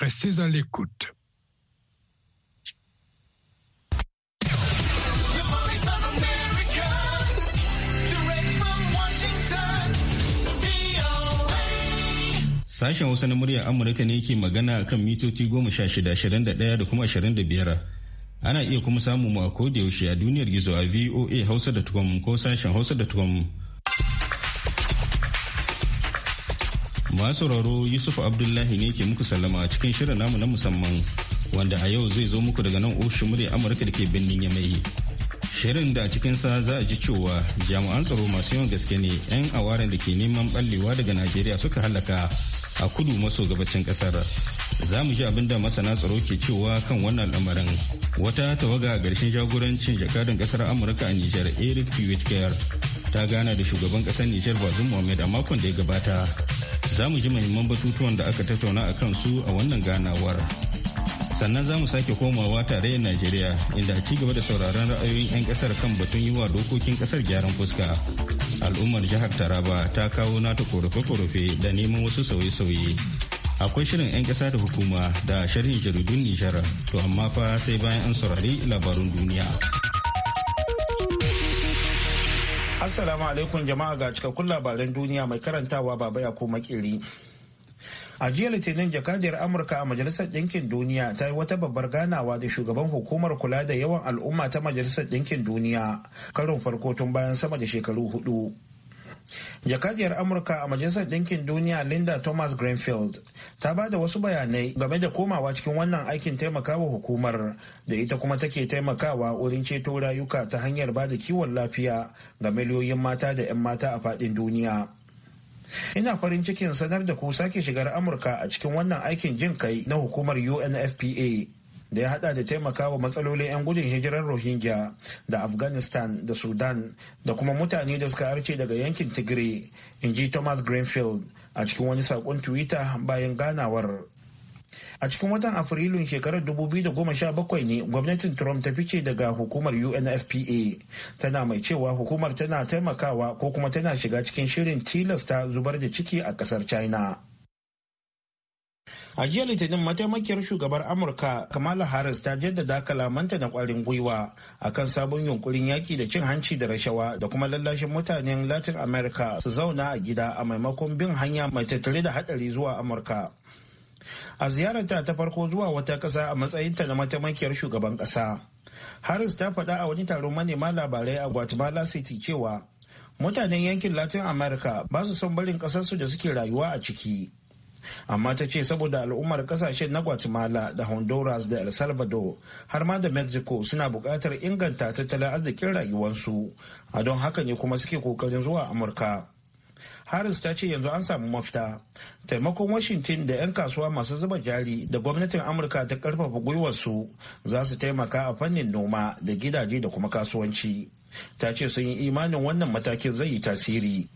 Restez à l'écoute. Sashen Hausa na muryar Amurka ne ke magana a kan mitoci goma sha shida ashirin da ɗaya da kuma ashirin da biyar. Ana iya kuma samu mu a yaushe a duniyar gizo a voa hausa da hausa.com ko sashen hausa.com Masu sauraro Yusuf Abdullahi ne ke muku sallama a cikin shirin namu na musamman wanda a yau zai zo muku daga nan ofishin murya Amurka da ke birnin Yamai. Shirin da a cikin sa za a ji cewa jami'an tsaro masu yawan gaske ne 'yan awaren da ke neman ballewa daga Najeriya suka halaka a kudu maso gabacin kasar. Za mu ji abin da masana tsaro ke cewa kan wannan lamarin. Wata tawaga a garshen jagorancin jakadan kasar Amurka a Nijar Eric Puyetker ta gana da shugaban kasar Nijar Bazoum Mohamed a makon da ya gabata. za mu ji mahimman batutuwan da aka tattauna a kansu a wannan ganawar sannan za mu sake komawa tarayyar najeriya inda a gaba da sauraron ra'ayoyin 'yan kasar kan batun yiwa dokokin kasar gyaran fuska al'ummar jihar taraba ta kawo nata korafe-korafe da neman wasu sauye-sauye akwai shirin 'yan kasa da hukuma da sharhin jaridun nijar to amma fa sai bayan an saurari labarun duniya. Assalamu alaikum jama'a ga cikakkun labaran duniya mai karantawa baba ya ko makeri. A jiya Litinin jakadiyar Amurka a Majalisar Ɗinkin Duniya ta yi wata babbar ganawa da shugaban hukumar kula da yawan al'umma ta Majalisar Ɗinkin Duniya karin farko tun bayan sama da shekaru hudu. jakadiyar amurka a majalisar ɗinkin duniya linda thomas greenfield ta ba da wasu bayanai game da komawa cikin wannan aikin taimakawa hukumar da ita kuma take taimakawa wurin ceto rayuka ta hanyar ba da kiwon lafiya ga miliyoyin mata da 'yan mata a faɗin duniya ina farin cikin sanar da ku sake shigar amurka a cikin wannan aikin jin kai na hukumar unfpa da ya hada da taimakawa matsalolin 'yan gudun hijirar rohingya da afghanistan da sudan da kuma mutane da suka arce daga yankin tigray in ji thomas greenfield a cikin wani saƙon twitter bayan ganawar a cikin watan afrilun shekarar 2017 ne gwamnatin trump ta fice daga hukumar unfpa tana mai cewa hukumar tana taimakawa ko kuma tana shiga cikin shirin tilasta zubar da ciki a kasar china A jiya Litinin mataimakiyar shugabar Amurka Kamala Harris ta jaddada kalamanta na kwarin gwiwa akan sabon yunkurin yaki da cin hanci da rashawa da kuma lallashin mutanen Latin America su zauna a gida a maimakon bin hanya mai tattare da hadari zuwa Amurka. A ziyararta ta farko zuwa wata ƙasa a matsayinta na mataimakiyar shugaban ƙasa. Harris ta faɗa a wani taron manema labarai a Guatemala City cewa mutanen yankin Latin America ba su son barin ƙasarsu da suke rayuwa a ciki. amma ta ce saboda al'ummar kasashen na guatemala da honduras da el salvador har ma da mexico suna buƙatar inganta tattalin arzikin rayuwarsu a don haka ne kuma suke ƙoƙarin zuwa amurka harris ta ce yanzu an samu mafita taimakon washington da 'yan kasuwa masu zuba jari da gwamnatin amurka ta karfafa gwiwarsu za su taimaka a fannin noma da gidaje da kuma kasuwanci ta ce sun yi imanin wannan matakin zai yi tasiri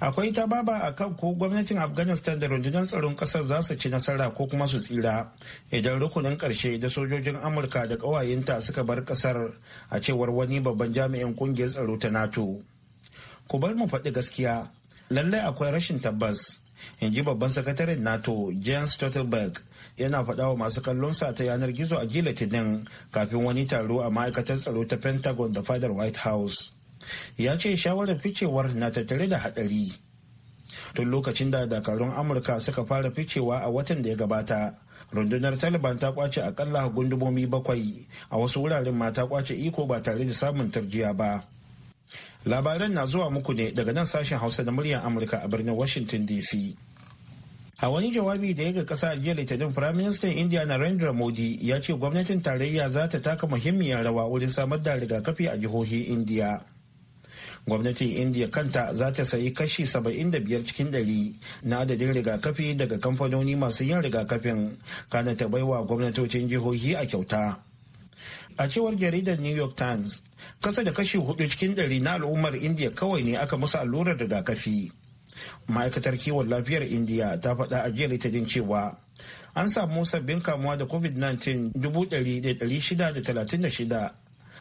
akwai ta baba a kan ko gwamnatin afghanistan da rundunar tsaron kasar za su ci nasara ko kuma su tsira idan rukunin karshe da sojojin amurka da ƙawayenta suka bar kasar a cewar wani babban jami'in kungiyar tsaro ta nato ku bar mu faɗi gaskiya lallai akwai rashin tabbas in ji babban sakataren nato jens stoltenberg yana faɗa wa masu kallonsa ta yanar gizo a jiya litinin kafin wani taro a ma'aikatar tsaro ta pentagon da fadar white house ya ce shawarar ficewar na tattare da hadari tun lokacin da dakarun amurka suka fara ficewa a watan da ya gabata rundunar taliban ta kwace akalla gundumomi bakwai a wasu wuraren ma ta kwace iko ba tare da samun tarjiya ba labaran na zuwa muku ne daga nan sashen hausa da muryar amurka a birnin washington dc a wani jawabi da ya ga kasa jiya litinin firaministan india narendra modi ya ce gwamnatin tarayya za ta taka muhimmiyar rawa wurin samar da rigakafi a jihohin india gwamnatin india kanta za ta sayi kashi 75 cikin dari na adadin rigakafi daga kamfanoni masu yin rigakafin kana ta baiwa gwamnatocin jihohi a kyauta a cewar jaridar new york times kasa da kashi hudu cikin dari na al'ummar india kawai ne aka musu allurar rigakafi ma'aikatar kiwon lafiyar india ta faɗa a jiya litinin cewa an samu sabbin kamuwa da covid-19 636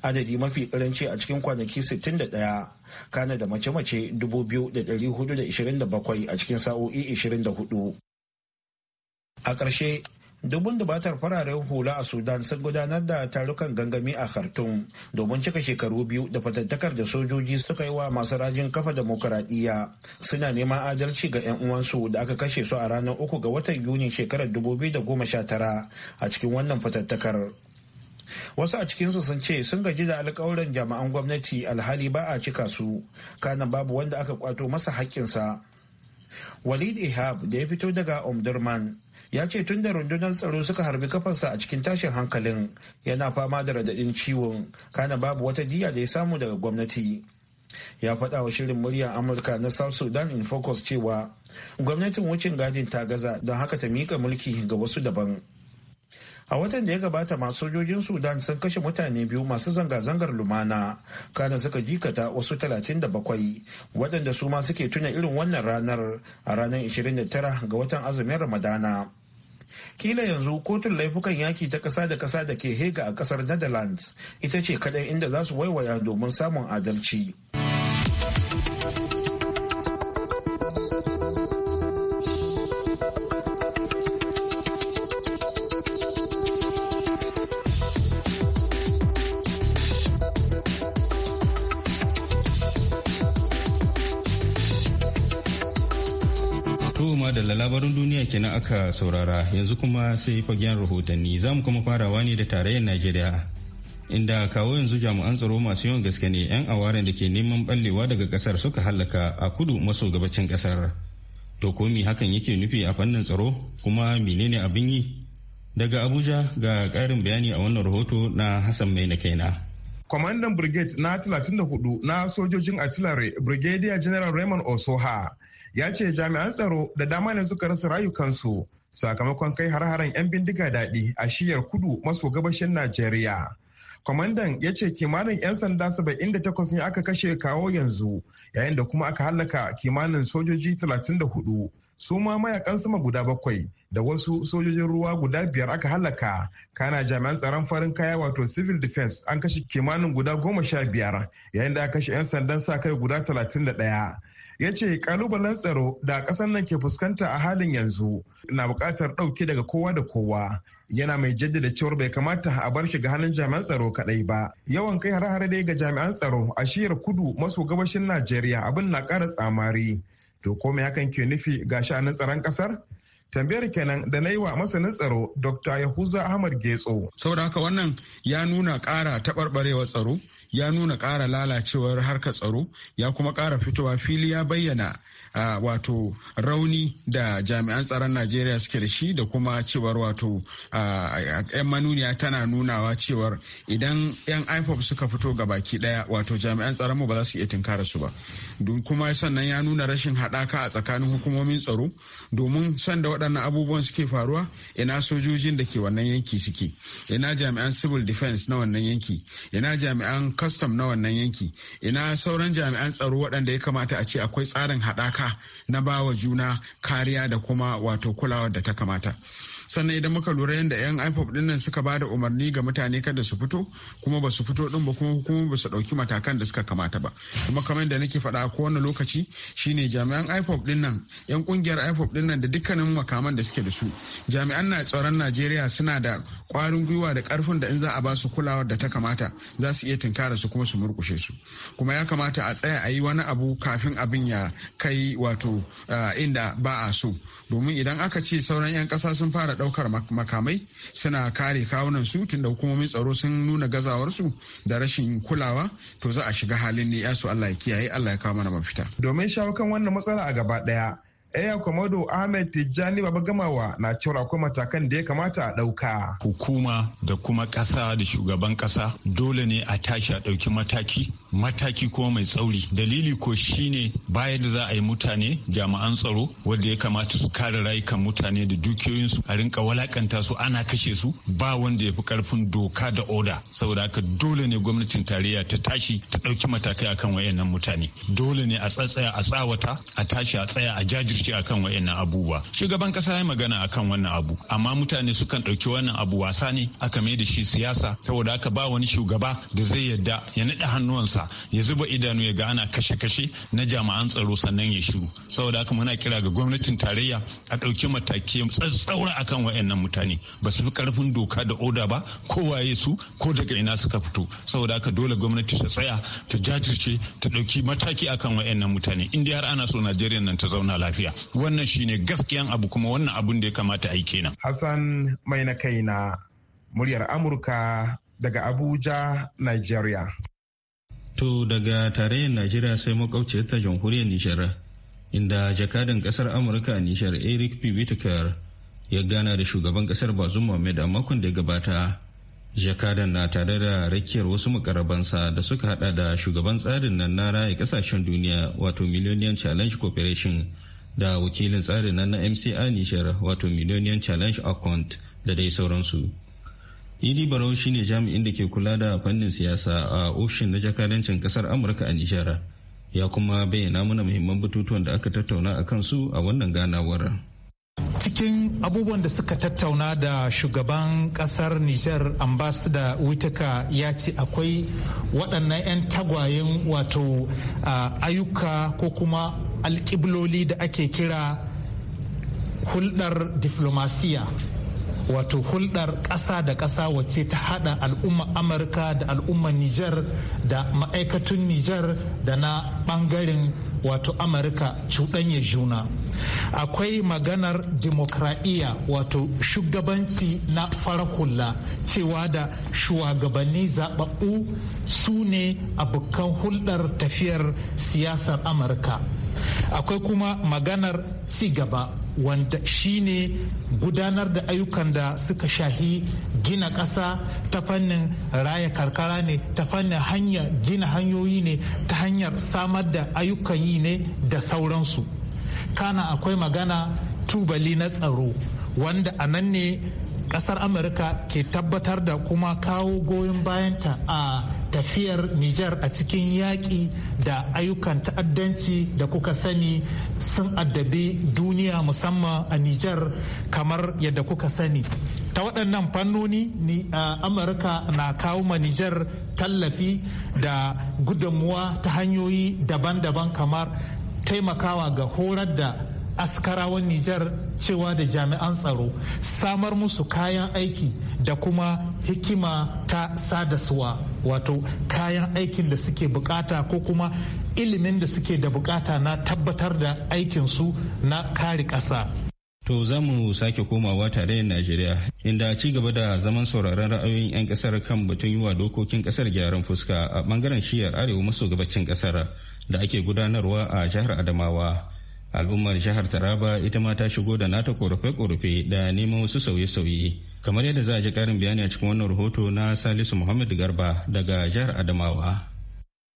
adadi mafi karanci a cikin kwanaki 61 kana da mace-mace 2,427 a cikin sa'o'i 24 a ƙarshe dubun dubatar fararen hula a sudan sun gudanar da tarukan gangami a khartoum domin cika shekaru biyu da fatattakar da sojoji suka yi wa masu rajin kafa demokuraɗiyya suna neman adalci ga 'yan uwansu da aka kashe su a ranar uku ga watan yuni shekarar 2019 a cikin wannan fatattakar wasu a cikinsu sun ce sun gaji da alkawuran jami'an gwamnati alhali ba a cika su kana babu wanda aka kwato masa haƙƙinsa walid ihab da ya fito daga omdurman ya ce tun da rundunar tsaro suka harbi kafarsa a cikin tashin hankalin yana fama da radadin ciwon kana babu wata jiya da ya samu daga gwamnati ya faɗa wa shirin muryar amurka na south sudan in focus cewa gwamnatin wucin gadin ta gaza don haka ta miƙa mulki ga wasu daban a watan da ya gabata masu sojojin sudan sun kashe mutane biyu masu zanga-zangar lumana kana suka jikata wasu 37 waɗanda su ma suke tuna irin wannan ranar a ranar 29 ga watan azumin ramadana kila yanzu kotun laifukan yaki ta ƙasa da ƙasa da ke hega a ƙasar netherlands ita ce kaɗai inda za su waiwaya domin samun adalci. labaran duniya kenan aka saurara yanzu kuma sai fagen rahotanni za mu kuma farawa ne da tarayyar najeriya inda kawo yanzu jami'an tsaro masu yawan gaske ne 'yan awaren da ke neman ballewa daga kasar suka hallaka a kudu maso gabacin kasar to komi hakan yake nufi a fannin tsaro kuma menene abin yi daga abuja ga karin bayani a wannan rahoto na hassan mai na kaina kwamandan brigade na 34 na sojojin artillery brigadier general raymond osoha ya ce jami'an tsaro da dama ne suka rasa rayukansu sakamakon kai har-haren 'yan bindiga daɗi a shiyar kudu maso gabashin najeriya kwamandan ya ce kimanin 'yan sanda saba'in da 78 ne aka kashe kawo yanzu yayin da kuma aka hallaka kimanin sojoji 34 su ma mayakan sama guda bakwai da wasu sojojin ruwa guda biyar aka hallaka kana jami'an tsaron farin kaya wato civil defense an kashe kimanin guda goma sha biyar yayin da aka kashe 'yan sandan sa kai guda 31 ya ce kalubalen tsaro da ƙasar nan ke fuskanta a halin yanzu na buƙatar ɗauke daga kowa da kowa yana mai jaddada cewar bai kamata a bar shi ga hannun jami'an tsaro kaɗai ba yawan kai har har dai ga jami'an tsaro a shiyar kudu maso gabashin najeriya abin na ƙara tsamari to ko me hakan ke nufi ga sha'anin tsaron ƙasar tambayar kenan da na yi wa masanin tsaro dr yahuza ahmad getso saboda haka wannan ya nuna ƙara taɓarɓarewar tsaro ya nuna ƙara lalacewar harkar tsaro ya kuma ƙara fitowa fili ya bayyana wato rauni da jami'an tsaron najeriya suke da shi da kuma cewar wato yan manuniya tana nunawa cewar idan yan ipop suka fito ga baki daya wato jami'an tsaron mu ba za su iya tunkara su ba kuma sannan ya nuna rashin haɗaka a tsakanin hukumomin tsaro domin sanda waɗannan abubuwan suke faruwa ina sojojin da ke wannan yanki suke ina jami'an civil defense na wannan yanki ina jami'an custom na wannan yanki ina sauran jami'an tsaro waɗanda ya kamata a ce akwai tsarin haɗaka doka na bawa juna kariya da kuma wato kulawar da ta kamata sannan idan muka lura yadda 'yan ipop din nan suka ba da umarni ga mutane kada su fito kuma ba su fito din ba kuma hukumomi ba su dauki matakan da suka kamata ba kuma kamar da nake faɗa ko wani lokaci shine jami'an ipop din nan 'yan kungiyar ipop din nan da dukkanin makaman da suke da su jami'an na tsaron najeriya suna da kwarin gwiwa da karfin da in za a ba su kulawar da ta kamata za su iya tinkara su kuma su murkushe su kuma ya kamata a tsaya a yi wani abu kafin abin ya kai wato eh, inda ba a so domin idan aka ce sauran 'yan kasa sun fara daukar makamai suna kare kawunan su tunda hukumomin tsaro sun nuna gazawar su da rashin kulawa to za a shiga halin ne ya su Allah ya kiyaye Allah ya kawo mana mafita domin shawo kan wannan matsala a gaba daya Eya Komodo Ahmed Tijjani Baba Gamawa na cewa akwai matakan da ya kamata a ɗauka. Hukuma da kuma ƙasa da shugaban ƙasa dole ne a tashi a ɗauki mataki mataki kuma mai tsauri dalili ko shine bayan da za a yi mutane jami'an tsaro wadda ya kamata su kare rayukan mutane da dukiyoyinsu a rinka walakanta su ana kashe su ba wanda ya fi karfin doka da oda saboda haka dole ne gwamnatin tarayya ta tashi ta ɗauki matakai akan wayannan mutane dole ne a tsatsaya a tsawata a tashi a tsaya a jajirce akan wayannan abubuwa shugaban kasa ya magana akan wannan abu amma mutane sukan ɗauki wannan abu wasa ne aka mai da shi siyasa saboda haka ba wani shugaba da zai yadda ya naɗa hannuwansa ya zuba idanu ya ga ana kashe-kashe na jama'an tsaro sannan ya shiru saboda haka muna kira ga gwamnatin tarayya a ɗauki mataki tsatsaura akan wayannan mutane ba su fi karfin doka da oda ba ko waye su ko daga ina suka fito saboda haka dole gwamnati ta tsaya ta jajirce ta ɗauki mataki akan wayannan mutane in har ana so Najeriya nan ta zauna lafiya wannan shine gaskiyan abu kuma wannan abun da ya kamata a yi kenan Hassan mai na kai na muryar Amurka daga Abuja Nigeria To daga tarayyar Najeriya sai makwabciyar ta jamhuriyar Nijar inda jakadan kasar Amurka Nijar Eric P. Whitaker ya gana da shugaban kasar Bazoum Mohamed a makon da ya gabata. Jakadan na tare da rakiyar wasu makarabansa da suka hada da shugaban tsarin nan na raya kasashen duniya wato Millennium Challenge Corporation da wakilin tsarin nan na MCI Nijar wato Millennium Challenge Account da dai sauransu. idi barau shine jami'in da ke kula da fannin siyasa a ofishin na jakadancin kasar amurka a nijar ya kuma bayyana mana muhimman batutuwan da aka tattauna a kansu a wannan ganawar cikin abubuwan da suka tattauna da shugaban kasar nijar da witaka ya ce akwai waɗannan 'yan tagwayen wato ayyuka ko kuma alƙibloli da ake kira hulɗar diflomasiyya. wato hulɗar ƙasa da ƙasa wacce ta haɗa al'umma amurka da al'umma nijar da ma'aikatun nijar da na ɓangaren wato amurka cuɗanya juna akwai maganar demokradiyya wato shugabanci na farakulla cewa da shugabanni zaɓaɓɓu su ne abokan hulɗar tafiyar siyasar amurka akwai kuma maganar cigaba wanda shine gudanar da ayyukan da suka shahi gina ƙasa ta fannin raya karkara ne ta fannin hanya gina hanyoyi ne ta hanyar samar da ayyukan yi ne da sauransu kana akwai magana tubali na tsaro wanda a nan ne kasar amurka ke tabbatar da kuma kawo goyon bayanta a tafiyar nijar a cikin yaƙi da ayyukan ta'addanci da kuka sani sun addabi duniya musamman a Nijar kamar yadda kuka sani. ta waɗannan fannoni ni amurka na kawo ma nijar tallafi da gudunmuwa ta hanyoyi daban-daban kamar taimakawa ga horar da askarawan nijar cewa da jami'an tsaro samar musu kayan aiki da kuma hikima ta sadaswa wato kayan aikin da suke bukata ko kuma ilimin da suke da bukata na tabbatar da aikinsu na kare ƙasa. To za mu sake komawa tarayyar Najeriya inda ci gaba da zaman sauraron ra'ayoyin 'yan kasar kan batun yi wa dokokin kasar gyaran fuska a bangaren shiyar arewa maso gabacin kasar da ake gudanarwa a jihar Adamawa. Al'ummar jihar Taraba ita ma ta shigo da nata korafe-korafe da neman wasu sauye-sauye. Kamar yadda za a ji karin bayani a cikin wannan rahoto na Salisu Muhammad Garba daga jihar Adamawa.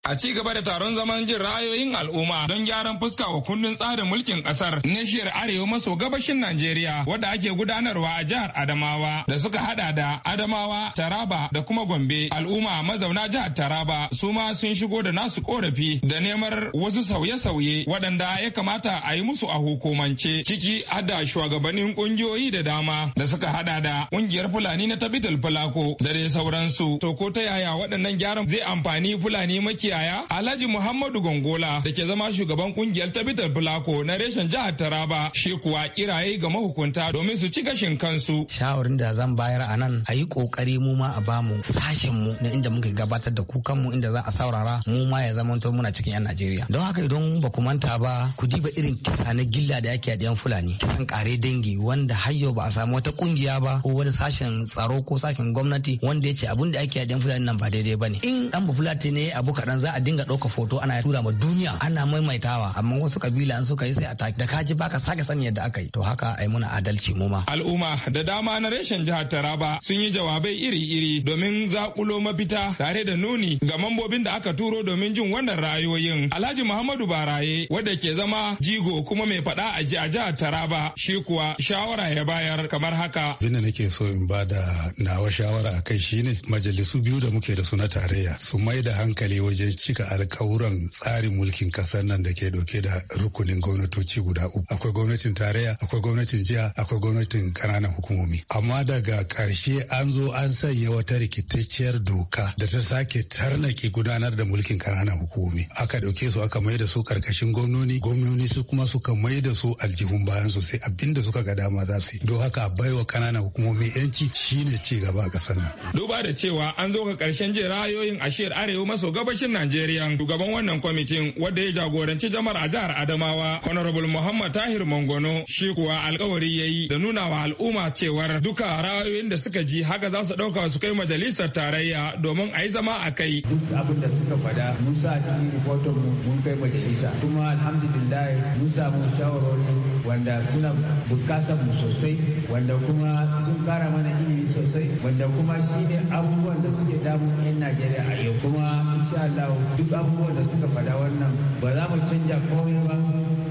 A ci gaba da taron zaman jin ra'ayoyin al'umma don gyaran fuska wa kundin tsarin mulkin kasar na shiyar arewa maso gabashin Najeriya wadda ake gudanarwa a jihar Adamawa da suka hada da Adamawa, Taraba da kuma Gombe. Al'umma mazauna jihar Taraba su ma sun shigo da nasu korafi da neman wasu sauye-sauye waɗanda ya kamata a yi musu a hukumance ciki hada shugabannin kungiyoyi da dama da suka hada da kungiyar Fulani na Tabital Fulako da dai sauransu. To ko ta yaya waɗannan gyaran zai amfani Fulani makiya makiyaya Alhaji Muhammadu Gongola da ke zama shugaban kungiyar Tabitar bulako na reshen jihar Taraba shi kuwa kiraye ga mahukunta domin su ci gashin kansu. Shawarin da zan bayar a nan a yi kokari mu ma a bamu sashen mu na inda muka gabatar da kukan mu inda za a saurara mu ma ya zama to muna cikin 'yan Najeriya. Don haka idan ba ku manta ba ku diba irin kisa na gilla da yake a ɗayan Fulani kisan kare dangi wanda har ba a samu wata kungiya ba ko wani sashen tsaro ko sashen gwamnati wanda ya ce abin da ake a ɗayan Fulani nan ba daidai ba ne. In ɗan Bafulati ne abu kaɗan za a dinga ɗauka foto ana tura ma duniya ana maimaitawa amma wasu kabila an suka yi sai a da kaji baka sake sani yadda aka yi to haka ai muna adalci mu ma. Al'umma da dama na reshen jihar Taraba sun yi jawabai iri-iri domin zakulo mafita tare da nuni ga mambobin da aka turo domin jin wannan rayoyin. Alhaji Muhammadu Baraye wanda ke zama jigo kuma mai faɗa a jihar Taraba shi kuwa shawara ya bayar kamar haka. abinda nake so in ba da nawa shawara kai shine majalisu biyu da muke da su na tarayya su mai da hankali wajen cika alkawuran tsarin mulkin kasar nan da ke dauke da rukunin gwamnatoci guda uku akwai gwamnatin tarayya akwai gwamnatin jiha akwai gwamnatin kananan hukumomi amma daga karshe an zo an sanya wata rikitacciyar doka da ta sake tarnaki gudanar da mulkin kananan hukumomi aka dauke su aka mai da su karkashin gwamnoni gwamnoni su kuma suka mai da su aljihun bayan su abinda suka ga dama za su yi don haka baiwa kananan hukumomi yanci shine ci gaba a kasar nan duba da cewa an zo ga karshen jin ra'ayoyin ashiyar arewa maso gabashin Najeriya shugaban wannan kwamitin wadda ya jagoranci jama'ar a jihar Adamawa Honorable Muhammad Tahir Mangono shi kuwa alkawari ya yi da nuna wa al'umma cewar duka ra'ayoyin da suka ji haka za su ɗauka su kai majalisar tarayya domin a yi zama a kai. Duk abin da suka fada mun sa cikin mu mun kai majalisa kuma alhamdulillah mun samu shawarwari wanda suna bukasan mu sosai wanda kuma sun kara mana ilimi sosai wanda kuma shine abubuwan da suke damun 'yan Najeriya a yau kuma insha Allah duk abubuwan da suka faɗa wannan ba za mu canja komai ba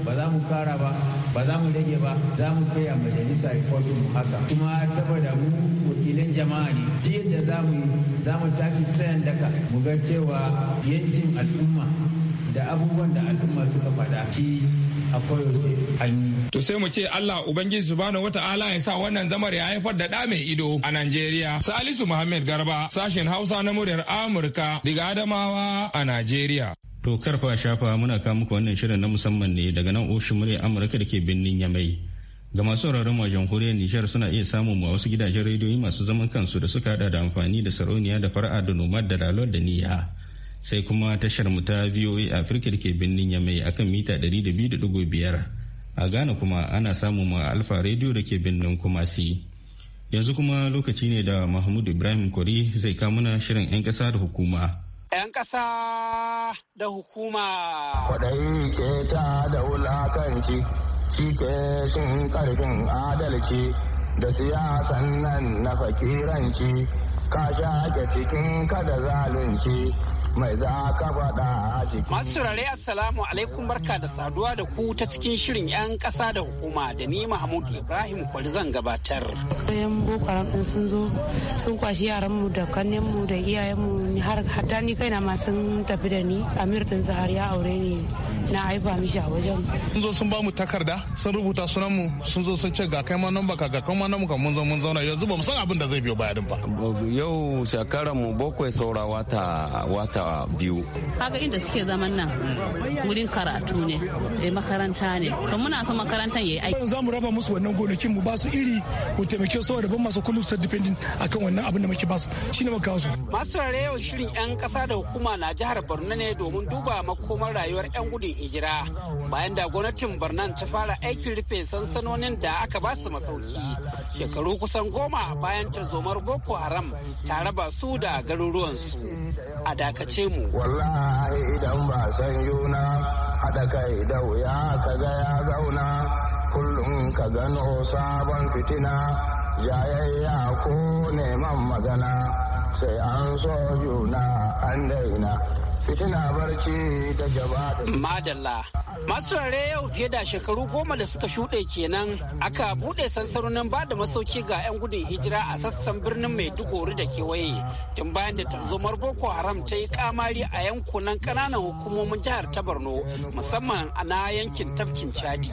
ba za mu kara ba ba za mu rage ba za mu kai a majalisa rikokin mu haka kuma saboda mu wakilan jama'a ne duk yadda za mu yi za mu tashi sayan daka mu ga cewa yancin al'umma da abubuwan da al'umma suka faɗa ki a koyaushe To sai mu ce Allah Ubangiji subhanahu wata'ala ya sa wannan zamar ya haifar da ɗa mai ido a Najeriya. Salisu Muhammad Garba sashen Hausa na muryar Amurka daga Adamawa a Najeriya. To karfa shafa muna kawo muku wannan shirin na musamman ne daga nan ofishin muryar Amurka da ke birnin Yamai. Ga masu sauraron wajen jamhuriyar Nijar suna iya samun mu a wasu gidajen rediyoyi masu zaman kansu da suka hada da amfani da sarauniya da fara'a da nomad da dalol da niyya. sai kuma tashar mu ta VOA Africa da ke birnin Yamai akan mita 200.5 a Ghana kuma ana samu ma alpha Radio da ke birnin Kumasi. Yanzu kuma lokaci ne da Mahmud Ibrahim Kori zai kamuna shirin 'yan ƙasa da hukuma. 'Yan ƙasa da hukuma. Kwaɗayi ke ta da wulakanci, shi ke shin ƙarfin adalci da siyasan nan na fakiranci, ka shaƙe cikin kada zalunci. mai za ka faɗa Masu turare Assalamu alaikum barka da saduwa da ku ta cikin shirin 'yan ƙasa da hukuma da ni Mahmud Ibrahim Kwari zan gabatar. Yan Boko Haram ɗin sun zo sun kwashi yaranmu da kannenmu da iyayenmu har hatta ni kaina ma sun tafi da ni Amir ɗin Zahar ya aure ni na haifa mishi a wajen sun zo sun ba mu takarda sun rubuta sunan mu sun zo sun ce ga kai ma namba ka ga kai ma namba ka mun zo mun zauna yanzu ba mu san abin da zai biyo bayanin ba yau shekaran mu bakwai saura wata wata biyu kaga inda suke zaman nan wurin karatu ne da eh, makaranta ne to muna son makarantar yayi aiki za mu raba musu wannan gonakin mu ba su iri mu taimake su da ban masu kullum su dependin akan wannan abin da muke ba su shine muka kawo su masu rare shirin yan kasa da hukuma na jihar Borno ne domin duba makomar rayuwar yan gudun hijira bayan da gwamnatin Barnan ta fara aikin rufe sansanonin da aka ba su masauki shekaru kusan goma bayan ta zomar Boko Haram ta raba su da garuruwansu a dakace mu. Wallahi idan ba san yuna haɗa kai da wuya ka ga ya zauna kullum ka gano sabon fitina yayayya ko neman magana sai an so juna an daina. fitina barci madalla masu rare yau fiye da shekaru goma da suka shuɗe kenan aka buɗe sansanonin ba da masauki ga 'yan gudun hijira a sassan birnin mai maiduguri da kewaye tun bayan da tarzomar boko haram ta yi kamari a yankunan ƙananan hukumomin jihar ta borno musamman a na yankin tafkin chadi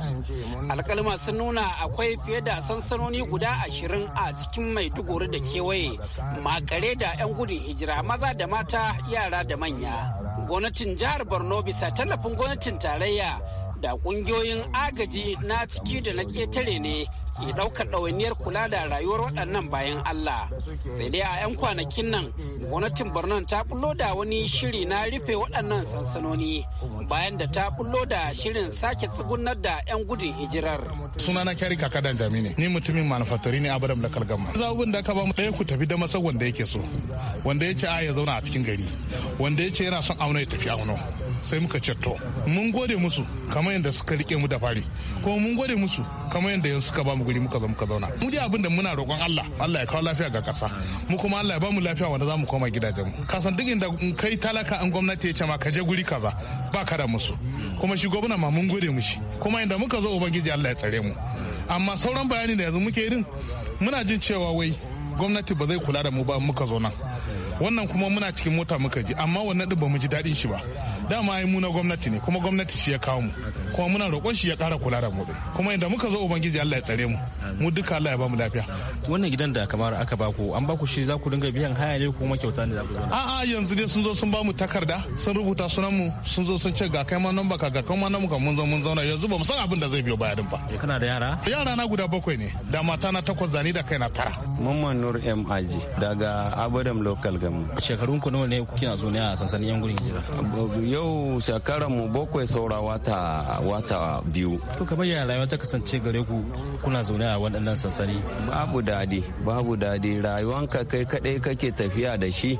alkalma sun nuna akwai fiye da sansanoni guda ashirin a cikin mai maiduguri da kewaye makare da 'yan gudun hijira maza da mata yara da manya gwamnatin jihar borno bisa tallafin gwamnatin tarayya da kungiyoyin agaji na ciki da na ƙetare ne ke ɗaukar ɗawainiyar kula da rayuwar waɗannan bayan Allah. Sai dai a 'yan kwanakin nan gwamnatin Borno ta bullo da wani shiri na rufe waɗannan sansanoni bayan da ta bullo da shirin sake tsugunar da 'yan gudun hijirar. suna na kyari kaka dan jami ne ni mutumin manufaturi ne abadam da kalgama zaɓin da ka ba mu ɗaya ku tafi da masau wanda yake so wanda ya ce a ya zauna a cikin gari wanda ya ce yana son auna ya tafi auna. sai muka ceto mun gode musu kamar yadda suka rike mu da fari kuma mun gode musu kamar yadda yanzu suka ba mu guri muka zo muka zauna mu dai abin da muna roƙon Allah Allah ya kawo lafiya ga ƙasa mu kuma Allah ya ba mu lafiya wanda za mu koma gidajen mu san duk inda kai talaka an gwamnati ya ce ma ka je guri kaza ba ka da musu kuma shi gwamna ma mun gode mushi kuma inda muka zo ubangiji Allah ya tsare mu amma sauran bayani da yanzu muke yi muna jin cewa wai gwamnati ba zai kula da mu ba muka zo nan wannan kuma muna cikin mota muka ji amma wannan din ba mu ji daɗin shi ba dama ai muna gwamnati ne kuma gwamnati shi ya kawo mu kuma muna roƙon shi ya ƙara kula da mu kuma inda muka zo ubangiji Allah ya tsare mu mu duka Allah ya ba mu lafiya wannan gidan da kamar aka ku an ku shi za ku dinga biyan haya ne kuma kyauta ne za ku zo a'a yanzu dai sun zo sun ba mu takarda sun rubuta sunan mu sun zo sun ce ga kai ma nan baka ga kai ma nan muka mun zo mun zauna yanzu ba mu san abin da zai biyo baya ba eh, kana da yara yara na guda bakwai ne da mata na takwas da ni da kai na tara mamman nur m daga abadam local gamu shekarun ku nawa ne kuke na zo ne a sansanin yan gurin hijira yau shekaran mu bakwai saura wata wata biyu to kamar ya rayuwa ta kasance gare ku kuna zaune a waɗannan sansani babu dadi babu dadi rayuwanka kai kaɗai kake tafiya da shi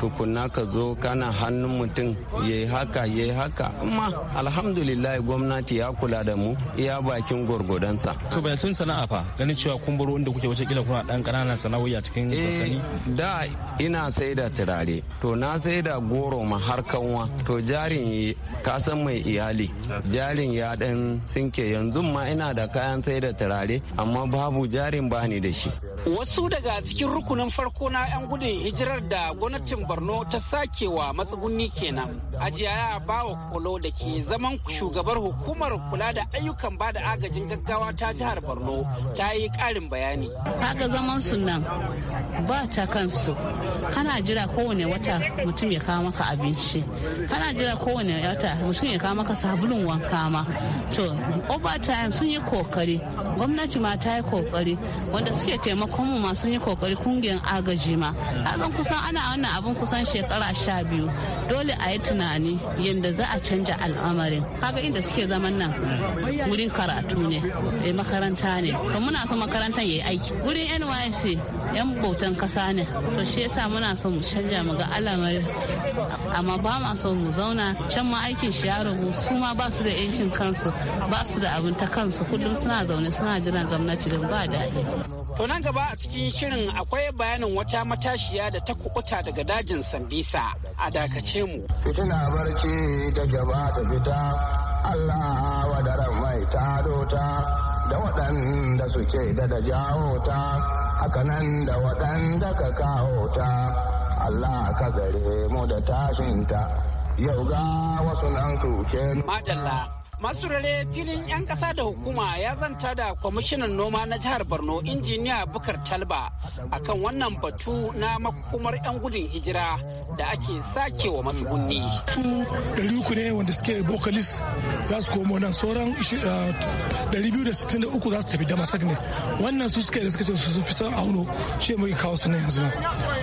tukunna ka zo kana hannun mutum ya yi haka ya yi haka amma alhamdulillah gwamnati ya kula da mu iya bakin gwargwadonsa. to bai tun sana'a fa ganin cewa kun baro inda kuke wace kila kuna dan kananan sana'o'i a cikin eh, sassani. da ina sai da turare to na sai da goro ma har kanwa to jarin ka san mai iyali jarin ya dan sinke yanzu ma ina da kayan sai da turare amma babu jarin bani da shi. Wasu daga cikin rukunin farko na 'yan gudun hijirar da gwamnatin Borno ta sakewa matsuguni kenan. Ajiya Bawa Kolo da ke zaman shugabar hukumar kula da ayyukan ba da agajin gaggawa ta jihar Borno ta yi karin bayani. Kaga zaman su nan ba ta kansu. Kana jira kowane wata mutum ya kawo maka abinci. Kana jira kowane wata mutum ya kawo maka sabulun wanka ma. To, overtime sun yi kokari. Gwamnati ma ta yi kokari. Wanda suke taimakon mu ma sun yi kokari kungiyar agaji ma. Hazan kusan ana wannan abin kusan shekara sha biyu. Dole a yi tunani tunani yadda za a canja al'amarin kaga inda suke zaman nan wurin karatu ne eh, makaranta ne to muna so makarantar ya yi aiki wurin nyc yan bautan kasa ne to shi yasa muna so mu canja mu ga al'amarin amma ba ma so mu zauna can ma aikin shi ya rabu su ma ba su da yancin kansu ba su da abin ta kansu kullum suna zaune suna jiran gwamnati don ba daɗi To nan gaba a cikin shirin akwai bayanin wata matashiya da ta kubuta daga dajin Sambisa a dakace mu. Fitina barci da gaba da fita, Allah wa wadaran mai ta dota da waɗanda suke da da jawo ta, hakanan da waɗanda ka kawo ta, Allah ka gare mu da tashinta. Yau ga wasu nan tuke. Madalla. masu filin 'yan kasa da hukuma ya zanta da kwamishinan noma na jihar borno injiniya bukar talba akan wannan batu na makomar 'yan gudun hijira da ake sake wa gundi su uku ne wanda suke bokalis za su komo nan sauran ah, biyu da sittin uku za su tafi masak ne wannan su suka da suka ce su fi son auno shi muke kawo su na yanzu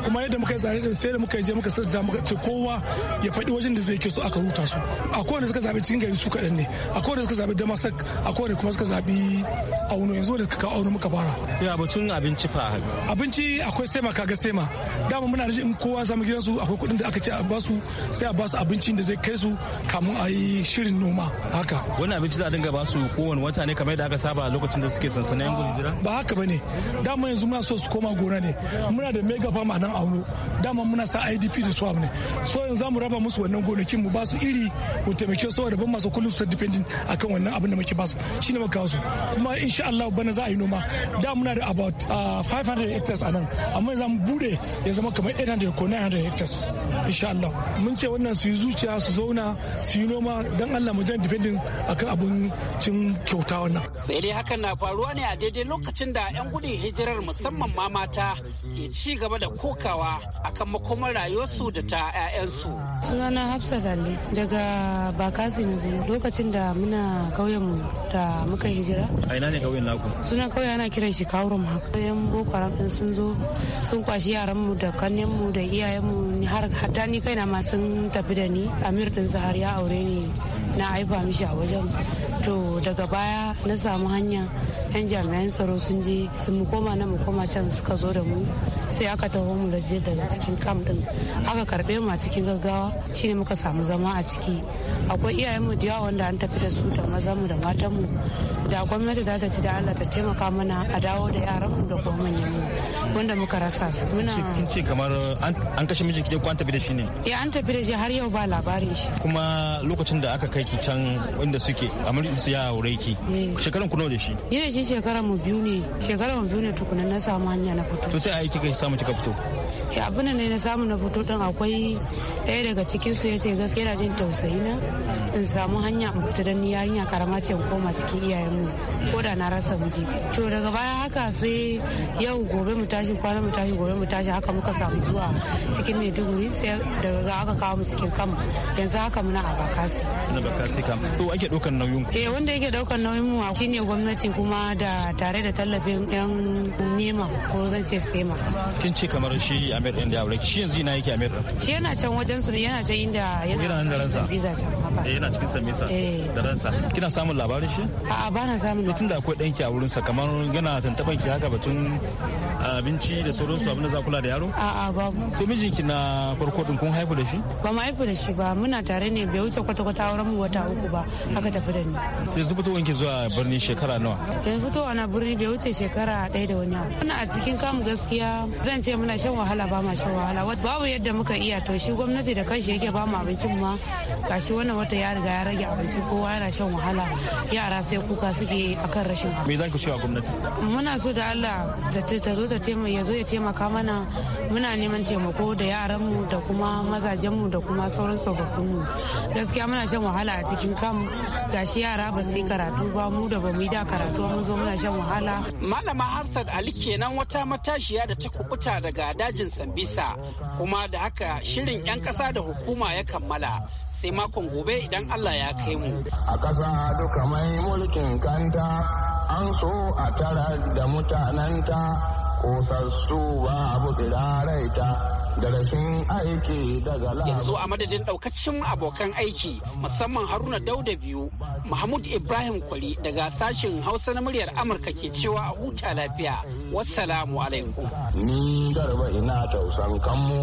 kuma yadda muka yi zare da sai da muka je muka sarta muka ce kowa ya faɗi wajen da zai ke so aka ruta su a kowane suka zaɓi cikin gari su kaɗan ne akwai da suka zaɓi damasak akwai da kuma suka zaɓi auno yanzu da suka kawo auno muka fara. ya abincin abinci fa abinci akwai sema kaga sema dama muna rajin in kowa samu gidansu akwai kuɗin da aka ce a basu sai a basu abincin da zai kai su kamun a yi shirin noma haka. wani abinci za a dinga basu kowane wata ne kamar yadda aka saba lokacin da suke sansanin yan gudun hijira. ba haka ba ne dama yanzu muna so su koma gona ne muna da mega farm a nan auno dama muna sa idp da swab ne so yanzu za mu raba musu wannan gonakin mu ba su iri mu taimake su da ban masu kullum su depend a akan wannan abin da muke basu shi ne muka su kuma insha Allah bana za a yi noma da muna da about 500 uh, hectares a nan amma za mu bude ya zama kamar 800 ko 900 hectares insha Allah mun ce wannan su yi zuciya su zauna su yi noma dan Allah mu jan depending akan abun cin kyauta wannan sai dai hakan na faruwa ne a daidai lokacin da 'yan gudun hijirar musamman ma mata ke ci gaba da kokawa akan makomar rayuwarsu da ta 'ya'yansu sunana hafsa dalle daga bakasi na zuwa lokacin da muna kauyenmu da muka hijira a ina ne kauyen naku sunan kauye ana kiran shi kawurum haka Kauyen boko haram din sun zo sun kwashi yaran mu da kanyen mu da iyayen mu har hatta ni kaina ma sun tafi da ni amir ɗin har ya aure ni na haifa mishi a wajen to daga baya na samu hanya yan jami'an tsaro sun je su mu koma na mu koma can suka zo da mu sai aka taho mu da daga cikin kam din aka karbe mu a cikin gaggawa shine muka samu zama a ciki akwai iyayen mu da wanda an tafi da su da mazan mu da matan mu da gwamnati za ta ci da Allah ta taimaka mana a dawo da yaran mu da kuma manyan mu wanda muka rasa su muna kin ce kamar an kashe miji kike ko an tafi da shi ne eh an tafi da shi har yau ba labarin shi kuma lokacin da aka kai ki can inda suke amma su ya aure ki eh. shekaran ku nawa da shi yana shi shekaran mu biyu ne shekaran mu biyu ne tukuna na samu hanya na fito to sai ai kika samu kika fito abin ne na samu na fito din akwai ɗaya daga cikin su yace gaskiya na jin tausayi na in samu hanya in fita dan hanya karama ce in koma cikin iyayen mu ko da na rasa miji to daga baya haka sai yau gobe mu tashi kwana mu tashi gobe mu tashi haka muka samu zuwa cikin Maiduguri sai daga aka kawo mu cikin kam yanzu haka muna a Bakasi na Bakasi kam to ake daukan nauyin ku eh wanda yake daukan nauyin mu shine gwamnati kuma da tare da tallafin yan nema ko zan ce sema kin ce kamar shi Amir din da aure shi yanzu ina yake Amir din shi yana can wajen su ne yana can inda yana yana nan da ransa eh yana cikin misa eh. da ransa kina samun labarin shi a ba na samun labarin tunda akwai danki a sa kamar yana tantaban ki haka batun ah, abinci da sauransu abin da za kula da yaro a'a babu to mijinki na farko din kun haifu da shi ba mu haifu da shi ba muna tare ne bai wuce kwata-kwata auren mu wata uku ba haka tafi da ni yanzu ki zuwa birni shekara nawa yanzu fitowa na birni bai wuce shekara ɗaya da wani abu muna a cikin kamu gaskiya zan ce muna shan wahala ba ma shan wahala babu yadda muka iya to shi gwamnati da kanshi yake ba mu abincin ma ga shi wannan wata ya riga ya rage abinci kowa yana shan wahala yara sai kuka suke akan rashin me za ku cewa gwamnati muna so da Allah ta zo ta taimaka ya zo ya taimaka mana muna neman taimako da yaran mu da kuma mazajen mu da kuma sauran tsofaffin mu gaskiya muna shan wahala a cikin kam shi yara ba su yi karatu ba mu da ba mu yi da karatu mun zo muna shan wahala malama Hafsat Ali kenan wata matashiya da ta kubuta daga dajin Sambisa kuma da haka shirin 'yan ƙasa da hukuma ya kammala sai makon gobe idan Allah ya kai mu. A ƙasa duka mai mulkin kanta an so a tara da mutananta kosassu ba abu tsiraraita. Yanzu a madadin daukacin abokan aiki musamman Haruna Dauda biyu Mahmud Ibrahim kwali daga sashen Hausa na muryar Amurka ke cewa a huta lafiya. Wassalamu alaikum. Ni garba ina tausan kanmu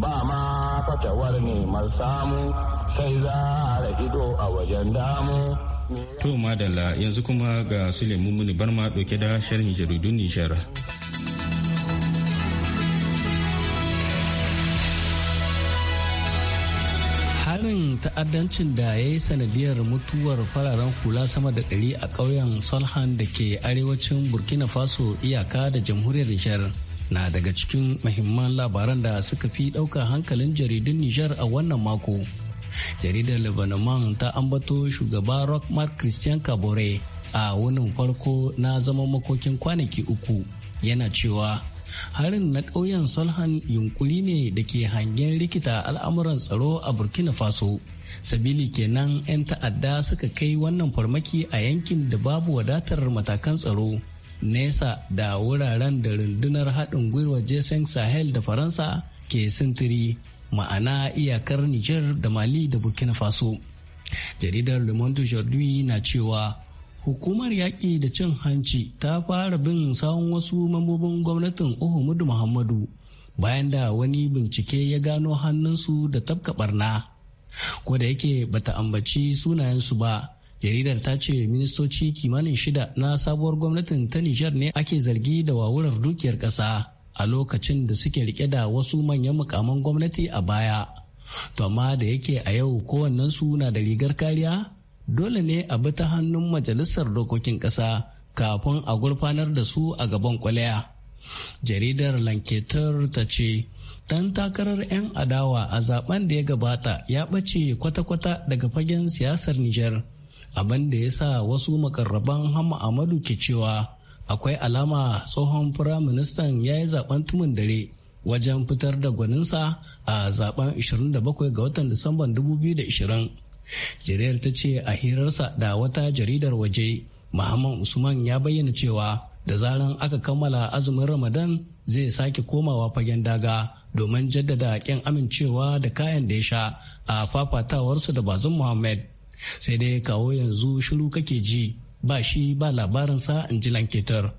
ba ma fatawar ne samu sai za a ido a wajen damu. To madalla yanzu kuma ga Suleiman Muni Barma ɗauke da sharhin jaridun Nijar. harin ta'addancin da ya yi sanadiyar mutuwar fararen hula sama da ɗari a ƙauyen solhan da ke arewacin burkina faso iyaka da jamhuriyar nijar na daga cikin mahimman labaran da suka fi ɗauka hankalin jaridun nijar a wannan mako jaridar lebanon ta ambato shugaba rockmark christian kabore a wunin farko na zama makokin kwanaki uku yana cewa harin na ƙauyen solhan yunkuri ne da ke hangen rikita al'amuran tsaro a burkina faso sabili kenan 'yan ta'adda suka kai wannan farmaki a yankin da babu wadatar matakan tsaro nesa da wuraren da rundunar haɗin gwiwa jason sahel da faransa ke sintiri ma'ana iyakar niger da mali da burkina faso jaridar le monde na cewa hukumar yaƙi da cin hanci ta fara bin sawun wasu mambobin gwamnatin Uhumudu Muhammadu bayan da wani bincike ya gano hannunsu da tafka barna. Ko da yake bata ambaci sunayensu ba, jaridar ta ce ministoci kimanin shida na sabuwar gwamnatin ta Nijar ne ake zargi da wawurar dukiyar ƙasa a lokacin da suke rike da wasu manyan mukaman gwamnati a baya. To amma da yake a yau kowannen su na da rigar kariya dole ne a bi ta hannun majalisar dokokin ƙasa kafin a gurfanar da su a gaban kwalaya. jaridar lanketar ta ce ɗan takarar 'yan adawa a zaben da ya gabata ya ɓace kwata-kwata daga fagen siyasar niger abin da ya sa wasu makarraban hama amadu ke cewa akwai alama tsohon firaministan ya yi zaben tumin dare wajen fitar da gwaninsa a zaben 27 ga watan disamban 2020 Jiriyar ta ce a hirarsa da wata jaridar waje, Muhammad Usman ya bayyana cewa da zaran aka kammala azumin Ramadan zai sake komawa fagen daga domin jaddada kyan amincewa da kayan da ya sha a fafatawarsu da bazin Muhammad. Sai dai kawo yanzu shiru kake ji ba shi ba labarinsa in ji lanketar.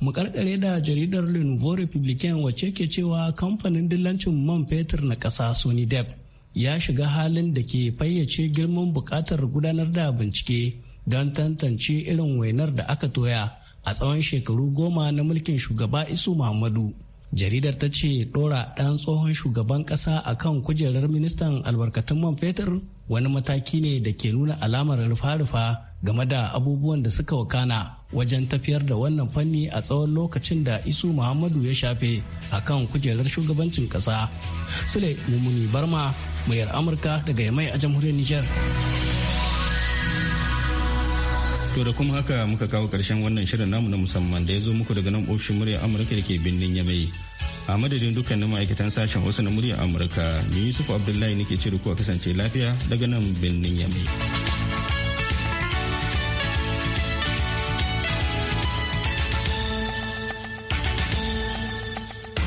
mu karkare da jaridar le Republican wace ke cewa kamfanin dillancin man fetur na ƙasa sony Depp? ya shiga halin da ke fayyace girman buƙatar gudanar da bincike don tantance irin wainar da aka toya a tsawon shekaru goma na mulkin shugaba isu muhammadu jaridar ta ce ɗora ɗan tsohon shugaban ƙasa a kan kujerar ministan albarkatun man fetur wani mataki ne da ke nuna alamar rufa-rufa game da abubuwan da suka wakana wajen tafiyar da wannan fanni a tsawon lokacin da isu muhammadu ya shafe a kan kujerar shugabancin ƙasa sule mumuni barma muryar amurka daga yamai a jamhuriyar niger to da kuma haka muka kawo karshen wannan shirin namu na musamman da ya zo muku daga nan ofishin muryar amurka da ke birnin yamai a madadin dukkanin ma'aikatan sashen wasu na muryar amurka ni yusuf abdullahi nake ce ku a kasance lafiya daga nan birnin yamai